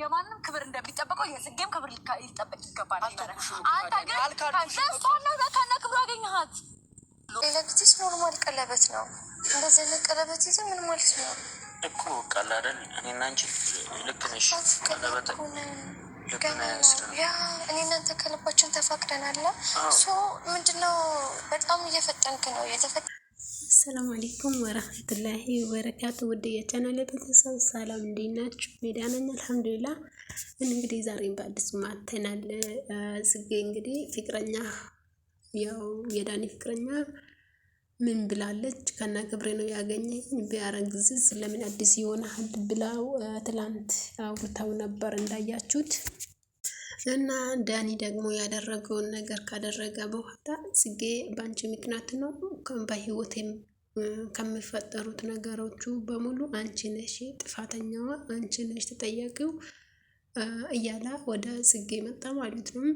የማንም ክብር እንደሚጠበቀው የጽጌም ክብር ሊጠበቅ ይገባል። አንተ ግን ከነ ክብሩ አገኘሃት። ሌላ ጊዜስ ኖርማል ቀለበት ነው። እንደዚህ አይነት ቀለበት ይዘህ ምን ማለት ነው እኮ ቃል አይደል? እኔ እና አንቺ ልክ ነሽ። ቀለበት እኔ እናንተ ከልባችን ተፋቅደናል። ምንድነው በጣም እየፈጠንክ ነው። የተፈጠ አሰላሙ አለይኩም ወረህመቱላሂ ወበረካቱ። ውድ የቻናል ቤተሰብ ሰላም እንዴት ናችሁ? ሜዳነኝ አልሐምዱሊላ። እንግዲህ ዛሬም በአዲሱ ማተናል። ጽጌ እንግዲህ ፍቅረኛ ያው የዳኒ ፍቅረኛ ምን ብላለች? ከና ክብሬ ነው ያገኘኝ ቢያረግዝስ ለምን አዲስ ይሆናል ብላው ትላንት አውርታው ነበር እንዳያችሁት እና ዳኒ ደግሞ ያደረገውን ነገር ካደረገ በኋላ ጽጌ በአንቺ ምክንያት ነው በህይወት ከሚፈጠሩት ነገሮቹ በሙሉ አንቺ ነሽ ጥፋተኛዋ፣ አንቺ ነሽ ተጠያቂው እያለ ወደ ጽጌ መጣ ማለት ነው።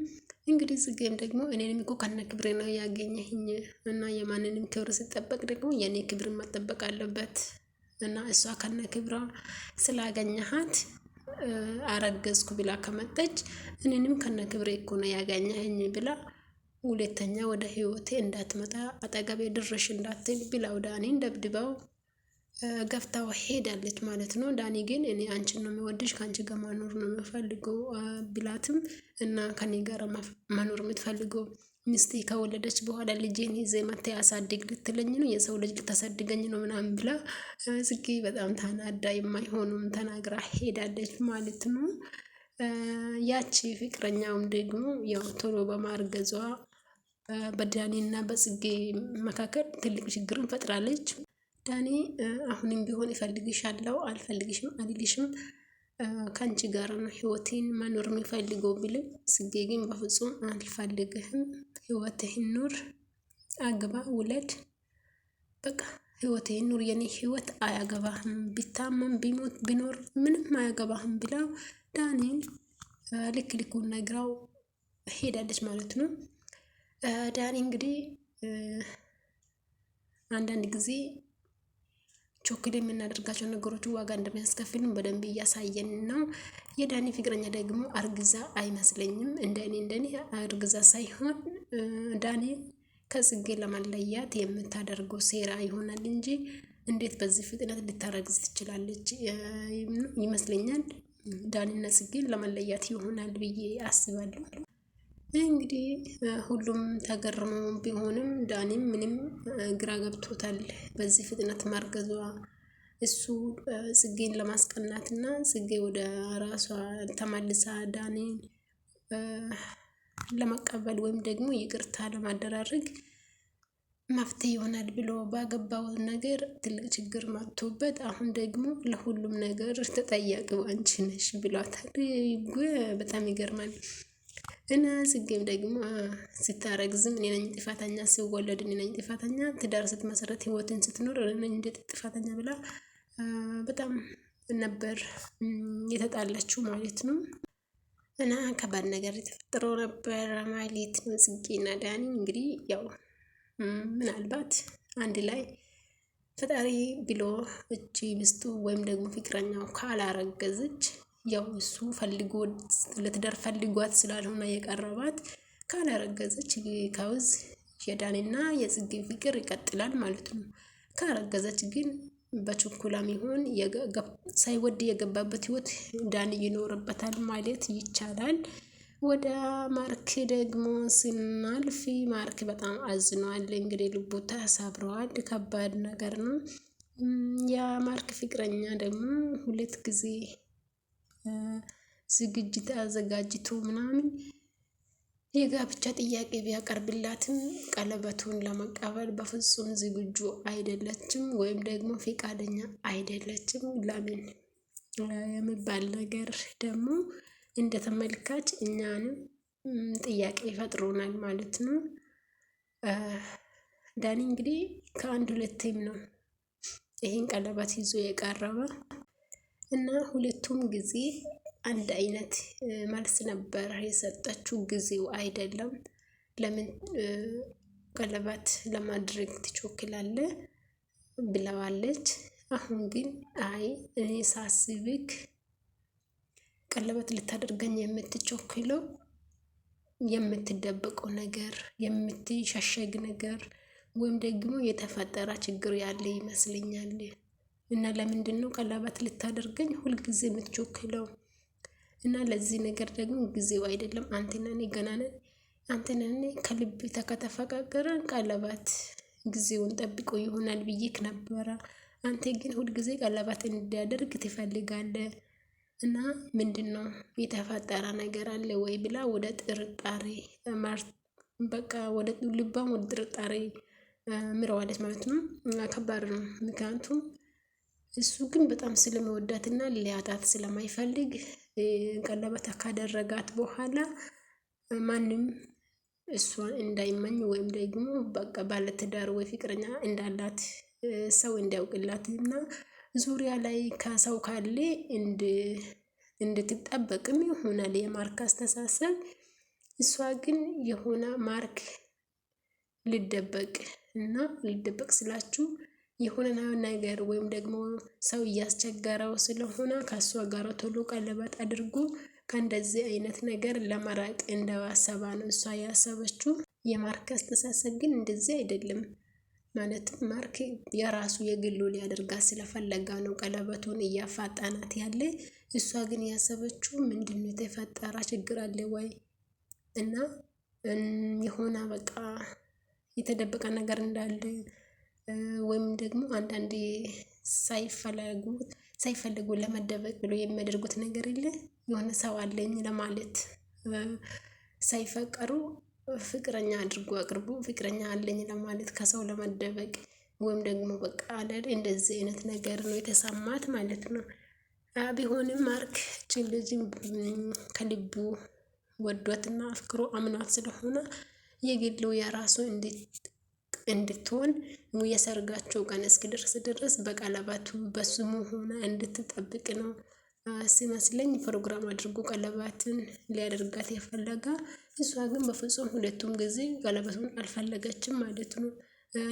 እንግዲህ ጽጌም ደግሞ እኔንም እኮ ከነ ክብሬ ነው ያገኘህኝ እና የማንንም ክብር ሲጠበቅ ደግሞ የኔ ክብር መጠበቅ አለበት እና እሷ ከነ ክብሯ ስላገኘሃት አረገዝኩ ብላ ከመጠች እኔንም ከነ ክብሬ እኮ ነው ያገኘኸኝ ብላ ሁለተኛ ወደ ህይወቴ እንዳትመጣ አጠገቤ ድርሽ እንዳትል ብላው ዳኒን ደብድባው ገፍታው ሄዳለች ማለት ነው። ዳኒ ግን እኔ አንቺን ነው የሚወድሽ ከአንቺ ጋር መኖር ነው የምፈልገው ብላትም እና ከኔ ጋር መኖር የምትፈልገው ሚስቴ ከወለደች በኋላ ልጄን ይዜ መተህ ያሳድግ ልትለኝ ነው፣ የሰው ልጅ ልታሳድገኝ ነው ምናምን ብላ ጽጌ በጣም ታናዳ የማይሆኑም ተናግራ ሄዳለች ማለት ነው። ያቺ ፍቅረኛውም ደግሞ ያው ቶሎ በማርገዟ እና በጽጌ መካከል ትልቅ ችግርን ፈጥራለች። ዳኒ አሁንም ቢሆን ይፈልግሻለሁ፣ አልፈልግሽም፣ አልልሽም ከአንቺ ጋር ነው ህይወቴን መኖር የሚፈልገው ብልም ጽጌ ግን በፍጹም አልፈልግህም ህይወትህን ኑር፣ አግባ፣ ውለድ። በቃ ህይወትህን ኑር፣ የኔ ህይወት አያገባህም፣ ቢታመም ቢሞት ቢኖር ምንም አያገባህም ብለው ዳኒን ልክ ልኩን ነግራው ሄዳለች ማለት ነው። ዳኒ እንግዲህ አንዳንድ ጊዜ ቾክል የምናደርጋቸው ነገሮች ዋጋ እንደሚያስከፍልን በደንብ እያሳየን ነው። የዳኒ ፍቅረኛ ደግሞ አርግዛ አይመስለኝም። እንደኔ እንደኔ አርግዛ ሳይሆን ዳኒ ከጽጌ ለማለያት የምታደርገው ሴራ ይሆናል እንጂ እንዴት በዚህ ፍጥነት ልታረግዝ ትችላለች? ይመስለኛል ዳኒና ጽጌን ለመለያት ይሆናል ብዬ አስባለሁ። እንግዲህ ሁሉም ተገርመው ቢሆንም ዳኒም ምንም ግራ ገብቶታል። በዚህ ፍጥነት ማርገዟ እሱ ጽጌን ለማስቀናት እና ጽጌ ወደ ራሷ ተማልሳ ዳኒን ለመቀበል ወይም ደግሞ ይቅርታ ለማደራረግ መፍትሄ ይሆናል ብሎ ባገባው ነገር ትልቅ ችግር መጥቶበት አሁን ደግሞ ለሁሉም ነገር ተጠያቂው አንቺ ነሽ ብሏታል። በጣም ይገርማል። እና ጽጌም ደግሞ ስታረግዝም እኔ ነኝ ጥፋተኛ፣ ስወለድ እኔ ነኝ ጥፋተኛ፣ ትዳር ስትመሰረት ህይወትን ስትኖር እኔ ነኝ ጥፋተኛ ብላ በጣም ነበር የተጣላችው ማለት ነው። እና ከባድ ነገር የተፈጠረው ነበር ማለት ነው። ጽጌና ዳኒ እንግዲህ ያው ምናልባት አንድ ላይ ፈጣሪ ብሎ እቺ ሚስቱ ወይም ደግሞ ፍቅረኛው ካላረገዘች ያው እሱ ፈልጎ ልትደር ፈልጓት ስላልሆነ የቀረባት ካላረገዘች ከውዝ የዳኔና የጽጌ ፍቅር ይቀጥላል ማለት ነው። ካረገዘች ግን በችኩላም ይሁን ሳይወድ የገባበት ህይወት ዳን ይኖርበታል ማለት ይቻላል። ወደ ማርክ ደግሞ ስናልፍ ማርክ በጣም አዝኗል። እንግዲህ ልቡ ተሰብረዋል። ከባድ ነገር ነው። የማርክ ፍቅረኛ ደግሞ ሁለት ጊዜ ዝግጅት አዘጋጅቶ ምናምን የጋብቻ ጥያቄ ቢያቀርብላትም ቀለበቱን ለመቀበል በፍጹም ዝግጁ አይደለችም፣ ወይም ደግሞ ፈቃደኛ አይደለችም። ለምን የሚባል ነገር ደግሞ እንደ ተመልካች እኛንም ጥያቄ ይፈጥሮናል ማለት ነው። ዳኒ እንግዲህ ከአንድ ሁለቴም ነው ይህን ቀለበት ይዞ የቀረበ። እና ሁለቱም ጊዜ አንድ አይነት መልስ ነበር የሰጠችው። ጊዜው አይደለም ለምን ቀለበት ለማድረግ ትቾክላለህ ብለዋለች። አሁን ግን አይ እኔ ሳስብክ ቀለበት ልታደርገኝ የምትቾክለው የምትደብቀው ነገር የምትሸሸግ ነገር ወይም ደግሞ የተፈጠረ ችግር ያለ ይመስለኛል። እና ለምንድን ነው ቀለበት ልታደርገኝ ሁልጊዜ የምትቾክለው? እና ለዚህ ነገር ደግሞ ጊዜው አይደለም። አንተና እኔ ገና ነን። አንተና እኔ ከልብ ከተፈቃቀረን ቀለበት ጊዜውን ጠብቆ ይሆናል ብዬ ነበረ። አንተ ግን ሁልጊዜ ቀለበት እንዲያደርግ ትፈልጋለ እና ምንድን ነው የተፈጠረ ነገር አለ ወይ ብላ ወደ ጥርጣሬ በቃ ወደ ልባም ወደ ጥርጣሬ ምረዋለች ማለት ነው። ከባድ ነው ምክንያቱም እሱ ግን በጣም ስለመወዳትና ሊያጣት ስለማይፈልግ ቀለበት ካደረጋት በኋላ ማንም እሷን እንዳይመኝ ወይም ደግሞ በቃ ባለትዳር ወይ ፍቅረኛ እንዳላት ሰው እንዲያውቅላት እና ዙሪያ ላይ ከሰው ካለ እንድትጠበቅም ይሆናል የማርክ አስተሳሰብ። እሷ ግን የሆነ ማርክ ልደበቅ እና ልደበቅ ስላችሁ የሆነ ነገር ወይም ደግሞ ሰው እያስቸገረው ስለሆነ ከእሷ ጋር ቶሎ ቀለበት አድርጎ ከእንደዚህ አይነት ነገር ለመራቅ እንደዋሰባ ነው እሷ ያሰበችው። የማርክ አስተሳሰብ ግን እንደዚህ አይደለም። ማለትም ማርክ የራሱ የግሉ ሊያደርጋ ስለፈለጋ ነው ቀለበቱን እያፋጣናት ያለ። እሷ ግን ያሰበችው ምንድን ነው የተፈጠረ ችግር አለ ወይ እና የሆነ በቃ የተደበቀ ነገር እንዳለ ወይም ደግሞ አንዳንዴ ሳይፈለጉ ሳይፈልጉ ለመደበቅ ብሎ የሚያደርጉት ነገር የለ የሆነ ሰው አለኝ ለማለት ሳይፈቀሩ ፍቅረኛ አድርጎ አቅርቦ ፍቅረኛ አለኝ ለማለት ከሰው ለመደበቅ ወይም ደግሞ በቃ አለ እንደዚህ አይነት ነገር ነው የተሰማት ማለት ነው። ቢሆንም ማርክ ችን ልጅ ከልቡ ወዷትና አፍቅሮ አምኗት ስለሆነ የግሉ የራሱ እንዴት እንድትሆን የሰርጋቸው ቀን እስኪደርስ ድረስ በቀለበቱ በስሙ ሆነ እንድትጠብቅ ነው ሲመስለኝ ፕሮግራም አድርጎ ቀለበትን ሊያደርጋት የፈለጋ። እሷ ግን በፍጹም ሁለቱም ጊዜ ቀለበቱን አልፈለገችም ማለት ነው።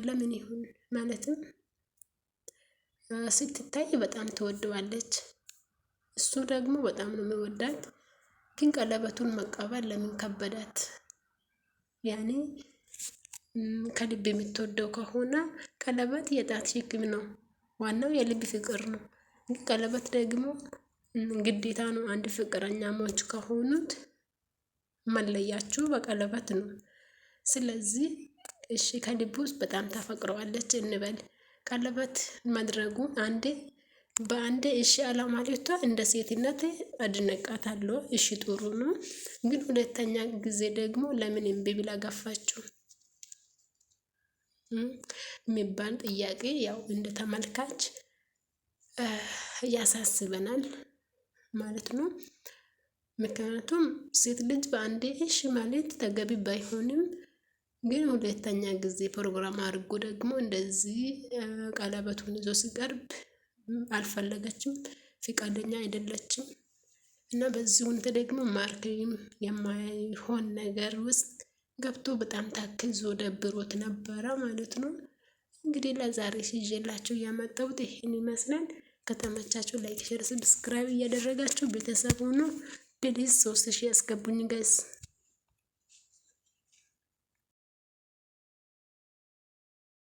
ለምን ይሁን ማለትም ስትታይ በጣም ትወደዋለች፣ እሱ ደግሞ በጣም ነው የሚወዳት። ግን ቀለበቱን መቀበል ለምን ከበዳት ያኔ ከልብ የምትወደው ከሆነ ቀለበት የጣት ሽክም ነው። ዋናው የልብ ፍቅር ነው። ቀለበት ደግሞ ግዴታ ነው። አንድ ፍቅረኛሞች ከሆኑት መለያችሁ በቀለበት ነው። ስለዚህ እሺ ከልብ ውስጥ በጣም ታፈቅረዋለች እንበል። ቀለበት ማድረጉ አንዴ በአንዴ እሺ አለማለቷ እንደ ሴትነት አድንቃታለሁ። እሺ ጥሩ ነው። ግን ሁለተኛ ጊዜ ደግሞ ለምን እምቢ ብላ ገፋችው? የሚባል ጥያቄ ያው እንደ ተመልካች ያሳስበናል ማለት ነው። ምክንያቱም ሴት ልጅ በአንዴ እሺ ማለት ተገቢ ባይሆንም ግን ሁለተኛ ጊዜ ፕሮግራም አድርጎ ደግሞ እንደዚህ ቀለበቱን ይዞ ሲቀርብ አልፈለገችም ፍቃደኛ አይደለችም። እና በዚህ ሁኔታ ደግሞ ማርክም የማይሆን ነገር ውስጥ ገብቶ በጣም ታክዞ ደብሮት ነበረ ማለት ነው። እንግዲህ ለዛሬ ሲዤላችሁ እያመጣሁት ይህን ይመስላል። ከተመቻችሁ ላይክ፣ ሼር፣ ሰብስክራይብ እያደረጋችሁ ቤተሰብ ሆኖ ፕሊዝ ሶስት ሺህ ያስገቡኝ ጋይስ።